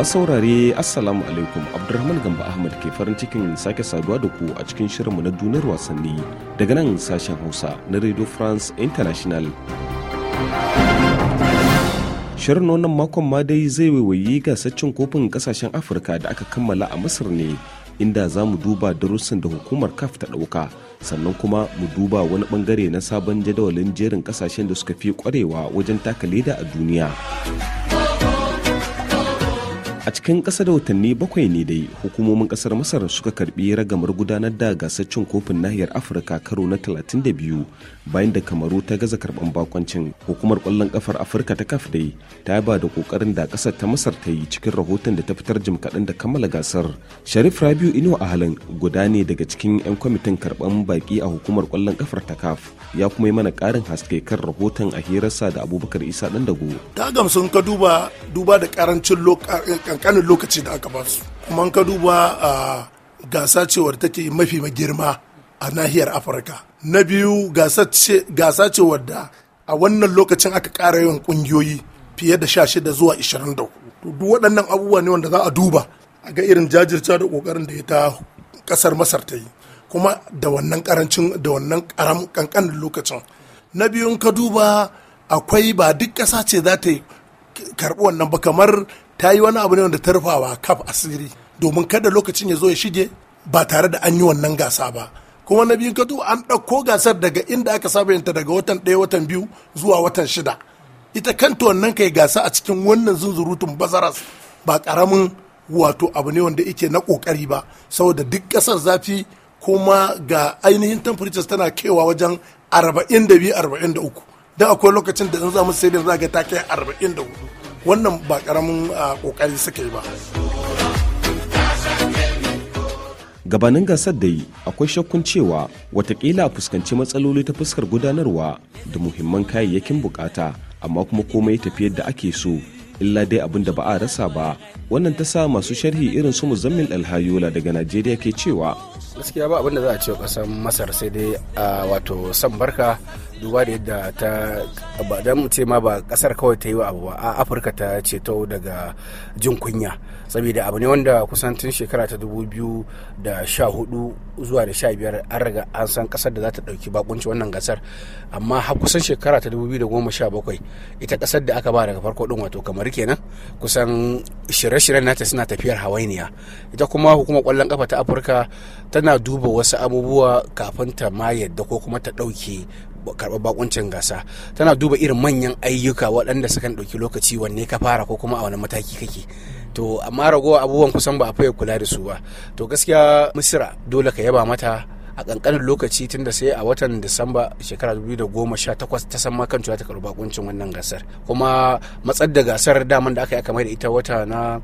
masu saurare assalamu alaikum abdulrahman gamba ahmad ke farin cikin sake saduwa da ku a cikin shirinmu na duniyar wasanni daga nan sashen hausa na radio france international shirin wannan makon ma dai zai waiwayi gasar cin kofin kasashen afirka da aka kammala a masar ne inda za mu duba darussan da hukumar kaf ta dauka sannan kuma mu duba wani bangare na sabon jadawalin jerin kasashen da suka fi kwarewa wajen taka leda a duniya a cikin ƙasa da watanni bakwai ne dai hukumomin ƙasar masar suka karbi ragamar gudanar da gasar cin kofin nahiyar afirka karo na 32 bayan da kamaru ta gaza karban bakoncin hukumar kwallon kafar afirka ta kaf dai ta ba da ƙoƙarin da ƙasar ta masar ta yi cikin rahoton da ta fitar jim kaɗan da kammala gasar sharif rabiu a halin guda ne daga cikin 'yan kwamitin karban baƙi a hukumar ƙwallon kafar ta kaf ya kuma yi mana ƙarin haske kan rahoton a hirarsa da abubakar isa ɗan dago ta gamsun ka duba duba da ƙarancin eh, kankanin lokaci da aka ba su kuma ka duba a gasa cewar take mafi girma a nahiyar afirka na biyu gasa ce wadda a wannan lokacin aka ƙara yawan ƙungiyoyi fiye da sha shida zuwa ishirin da to duk waɗannan abubuwa ne wanda za a duba a ga irin jajirta da ƙoƙarin da ya ta ƙasar masar ta yi kuma da wannan ƙarancin da wannan ƙanƙanin lokacin na biyun ka duba akwai ba duk ƙasa ce za ta karɓi wannan ba kamar ta yi wani abu ne wanda ta rufawa kaf asiri domin kada lokacin ya zo ya shige ba tare da an yi wannan gasa ba kuma na biyun katu an ɗauko gasar daga inda aka saba yanta daga watan ɗaya watan biyu zuwa watan shida ita kanta wannan kai gasa a cikin wannan zunzurutun bazaras ba ƙaramin wato abu ne wanda ike na ƙoƙari ba saboda duk ƙasar zafi kuma ga ainihin temperatures tana kewa wajen 42-43 da akwai lokacin da in za mu sai da za ga ta kai 44 wannan ba karamin kokari suka yi ba gabanin gasar da yi akwai shakkun cewa watakila a fuskanci matsaloli ta fuskar gudanarwa da muhimman kayayyakin bukata amma kuma komai tafi da ake so illa dai abin da ba a rasa ba wannan ta sa masu sharhi irin su muzammil alhayola daga najeriya ke cewa gaskiya ba abin da za a ce kasan masar sai dai wato san barka duba da yadda ta ba dan mu ce ma ba kasar kawai ta yi wa abu ba a afirka ta ceto daga jin kunya saboda abu ne wanda kusan tun shekara ta dubu biyu da sha hudu zuwa da sha biyar an riga an san kasar da za ta dauki bakunci wannan gasar amma har kusan shekara ta dubu biyu da goma sha bakwai ita kasar da aka ba daga farko din wato kamar kenan kusan shirye-shiryen nata suna tafiyar hawainiya ita kuma hukumar kwallon kafa ta afirka tana duba wasu abubuwa kafin ta ma yadda ko kuma ta dauke karɓar bakuncin gasa tana duba irin manyan ayyuka waɗanda suka ɗauki lokaci wanne ka fara ko kuma a wani mataki kake to amma ragowa abubuwan kusan ba a fiye kula da su ba to gaskiya misira dole ka yaba mata a kankanin lokaci tun da sai a watan disamba shekara 2018 ta san ma kan cewa ta karɓi bakuncin wannan gasar kuma matsar da gasar daman da aka yi kamar da ita wata na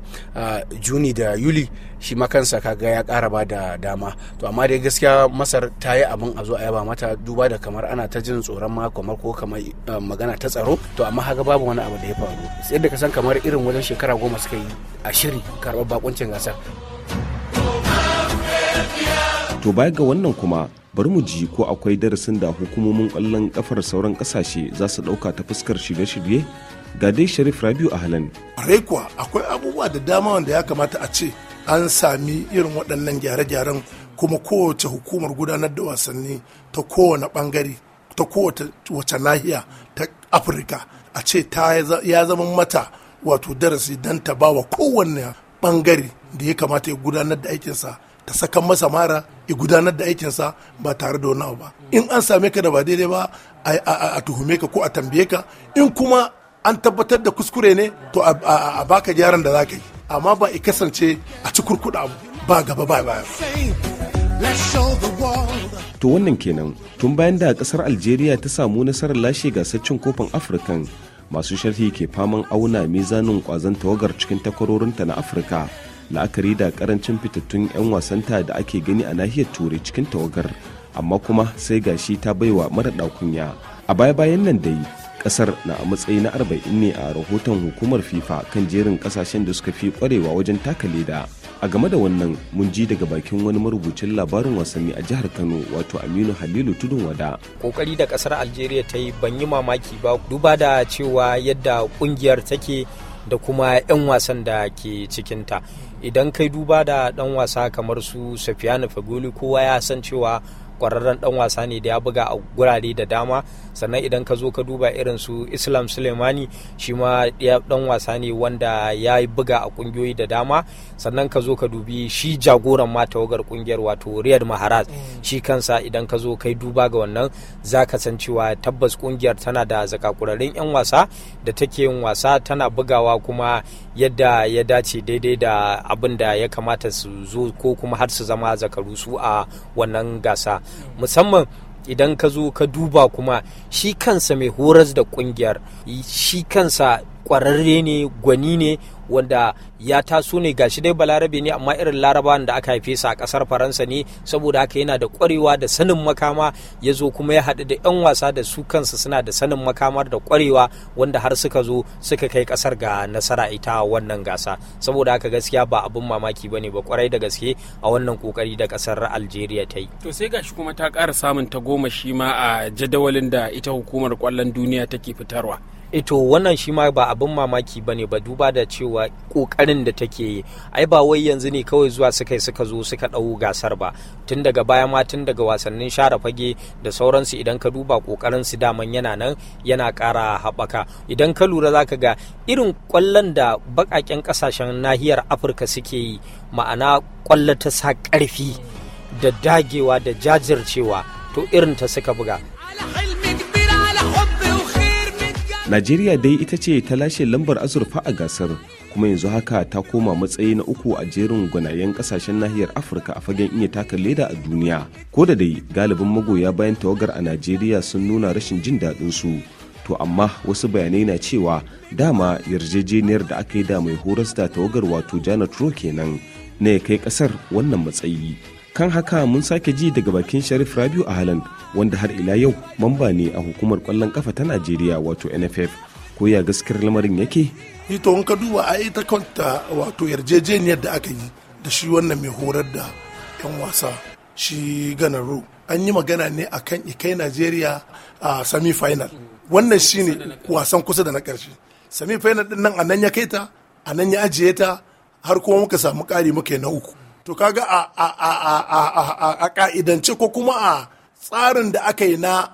juni da yuli shi ma kansa kaga ya ƙara ba da dama to amma dai gaskiya masar ta yi abin a zo a yaba mata duba da kamar ana ta jin tsoron ma kamar ko kamar magana ta tsaro to amma haka babu wani abu da ya faru sai da ka san kamar irin wajen shekara goma suka yi a shiri karɓar bakuncin gasar To baya ga wannan kuma bari mu ji ko akwai darasin da hukumomin ƙwallon ƙafar sauran ƙasashe za su ɗauka ta fuskar shirye-shirye ga dai Sharif Rabiu Ahlan. kuwa akwai abubuwa da dama wanda ya kamata a ce an sami irin waɗannan gyare-gyaren kuma kowace hukumar gudanar da wasanni ta kowane ɓangare ta kowace nahiya ta afirka a ce ya zama mata wato darasi don ta bawa kowanne bangare da ya kamata ya gudanar da aikinsa ta saka masa mara ya gudanar da aikinsa ba tare da wani ba in an same ka da ba daidai ba a tuhume ka ko a tambaye ka in kuma an tabbatar da kuskure ne to a baka gyaran da za ka yi amma ba i kasance a ci kurkuɗa ba gaba ba baya to wannan kenan tun bayan da kasar algeria ta samu nasarar lashe gasar cin kofin afirkan masu sharhi ke faman auna mizanin kwazon tawagar cikin takwarorinta na afirka la'akari da karancin fitattun 'yan wasanta da ake gani a nahiyar turai cikin tawagar amma kuma sai gashi ta baiwa mara kunya a baya-bayan nan dai ƙasar na a matsayi na arba'in ne a rahoton hukumar fifa kan jerin kasashen da suka fi kwarewa wajen taka leda a game da wannan mun ji daga bakin wani marubucin labarin wasanni a jihar kano wato aminu halilu tudun wada kokari da ƙasar algeria ta yi ban yi mamaki ba duba da cewa yadda kungiyar take da kuma 'yan wasan da ke cikinta idan kai duba da dan wasa kamar su safiyanu fagoli kowa ya san cewa kwararren dan wasa ne da ya buga a gurare da dama sannan idan ka zo ka duba irin su islam suleimani shi ma dan wasa ne wanda ya buga a kungiyoyi da dama sannan ka zo ka dubi shi jagoran ma tawagar kungiyar wato riyad maharaj mm. shi kansa idan ka zo kai duba ga wannan za ka san cewa tabbas kungiyar tana da zakakurarin yan wasa da take yin wasa tana bugawa kuma yadda ya dace daidai da abin da ya kamata su zo ko kuma har su zama zakaru su a wannan gasa musamman idan ka zo ka duba kuma shi kansa mai horas da kungiyar shi kansa kwararre ne gwani ne wanda ya taso ne ga shi dai balarabe ne amma irin larabawan da aka haife sa a kasar faransa ne saboda haka yana da kwarewa da sanin makama ya zo kuma ya haɗu da 'yan wasa da su kansu suna da sanin makamar da kwarewa wanda har suka zo suka kai kasar ga nasara ita wannan gasa saboda haka gaskiya ba abin mamaki ba ne ba kwarai da gaske a wannan kokari da kasar algeria ta yi to sai gashi kuma ta kara samun ta goma shi ma a jadawalin da ita hukumar kwallon duniya take fitarwa ito eh, wannan shi ma ba abin mamaki ba ne ba duba da cewa kokarin da take yi ai ba wai yanzu ne kawai zuwa suka yi suka zo suka ɗau gasar ba tun daga baya ma tun daga wasannin share fage da sauransu idan ka duba ƙoƙarin su daman yana nan yana ƙara haɓaka idan ka lura zaka ga irin ƙwallon da baƙaƙen ƙasashen nahiyar afirka suke yi ma'ana ƙwallo ta sa ƙarfi da dagewa da jajircewa to irin ta suka buga najeriya dai ita ce ta lashe lambar azurfa a gasar kuma yanzu haka ta koma matsayi na uku a jerin gwanayen kasashen nahiyar afirka a fagen iya taka leda a duniya ko da dai galibin magoya bayan tawagar a najeriya sun nuna rashin jin daɗin su to amma wasu bayanai na cewa dama yarjejeniyar da aka yi da mai horas da tawagar wato janet roe kenan na ya kai kasar wannan matsayi kan haka mun sake ji daga bakin sharif rabiu a halan wanda har ila yau mamba ne a hukumar kwallon kafa ta najeriya wato nff ko ya gaskiyar lamarin yake to ka duba a ita kanta wato yarjejeniyar da aka yi da shi wannan mai horar da 'yan wasa shi ganaro an yi magana ne a kan ikai najeriya a semi final wannan shine wasan kusa da na karshe semi final din nan a nan ya kai ta a nan ya ajiye ta har kuma muka samu kari muka na uku to kaga a a a ka'idance ko kuma a tsarin da aka yi na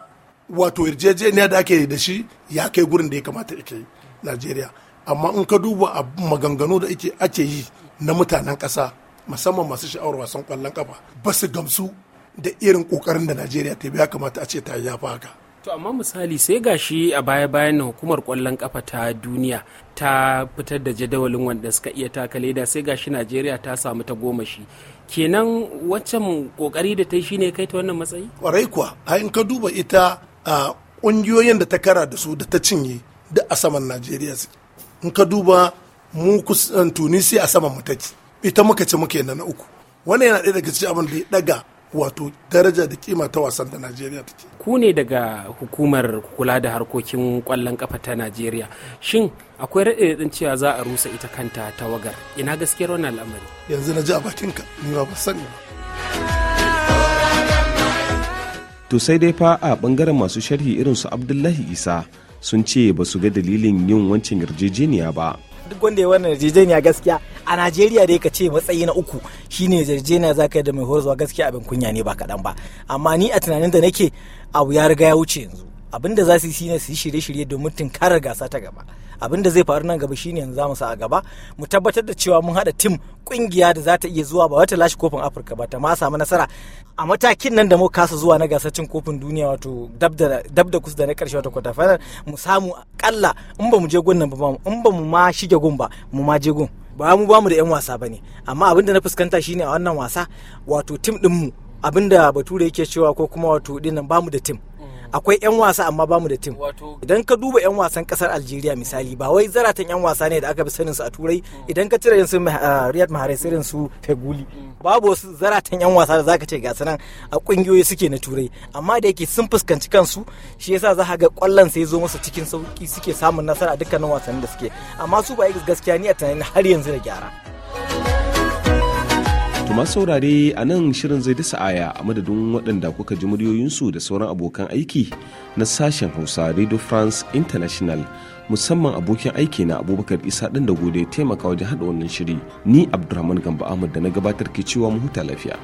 wato yarjejeniya da ake da shi ya kai gurin da ya kamata ake Najeriya amma in ka duba a maganganu da ake yi na mutanen ƙasa musamman masu sha'awar wasan kwallon ƙafa ba su gamsu da irin ƙoƙarin da Najeriya ta ya kamata a ce ta yi ya fa haka To amma misali sai gashi a baya-bayan na hukumar kwallon kafa ta duniya ta fitar da jadawalin wanda suka iya taka leda sai gashi Najeriya ta samu ta goma shi. Kenan waccan kokari da ta yi shine kai ta wannan matsayi? Kwarai kuwa, a ka duba ita a ƙungiyoyin da ta kara da su da ta cinye da a saman Najeriya su. In ka duba mu kusan Tunisia a saman mu take. Ita muka ce muke na uku. Wannan yana ɗaya daga cikin abin da ya ɗaga wato daraja da kima ta wasan da najeriya take ku ne daga hukumar kula da harkokin kwallon kafa ta najeriya shin akwai raɗaɗin cewa za a rusa ita kanta tawagar ina gaskiyar wannan al'amari yanzu na ji a bakinka ni ba sani ba to sai dai fa a bangaren masu sharhi irin su abdullahi isa sun ce ba su ga dalilin yin wancan yarjejeniya ba duk wanda ya wannan yarjejeniya gaskiya a najeriya dai ka ce matsayi na uku shine yarjejeniya za ka yi da mai horarwa gaskiya abin kunya ne ba kaɗan ba amma ni a tunanin da nake abu ya riga ya wuce yanzu abin da za su yi shine su yi shirye-shirye domin tunkarar gasa ta gaba abin da zai faru nan gaba shine yanzu mu sa a gaba mu tabbatar da cewa mun haɗa tim ƙungiya da za ta iya zuwa ba wata lashe kofin afirka ba ta ma samu nasara a matakin nan da mu kasa zuwa na gasar cin kofin duniya wato dab da kusa da na karshe wato kwata mu samu akalla in ba mu je gun nan ba in ba mu ma shige gun ba mu ma je gun ba mu ba mu da 'yan wasa ba ne amma abinda na fuskanta shine a wannan wasa wato tim ɗinmu abinda bature yake cewa ko kuma wato dinnan ba mu da tim akwai 'yan wasa amma bamu da tim idan ka duba 'yan wasan kasar algeria misali ba wai zaratan 'yan wasa ne da aka fi sanin su a turai idan ka cire su ah, riyad mahrez irin su feguli mm. babu wasu zaratan 'yan wasa da zaka ce ga sanan a kungiyoyi suke na turai amma da yake sun fuskanci kansu shi yasa za ka ga kwallon sai zo musu cikin sauki suke samun nasara a dukkanin wasannin da suke amma su ba gaskiya ni a tunanin har yanzu da gyara. Kuma saurare a nan shirin zai dasa aya a madadin waɗanda kuka ji muryoyinsu da sauran abokan aiki na sashen Hausa Radio France International musamman abokin aiki na Abubakar Isa ɗin da gode taimaka wajen haɗa wannan shiri ni Abdulrahman Gamba Ahmad da na gabatar ke cewa mu huta lafiya.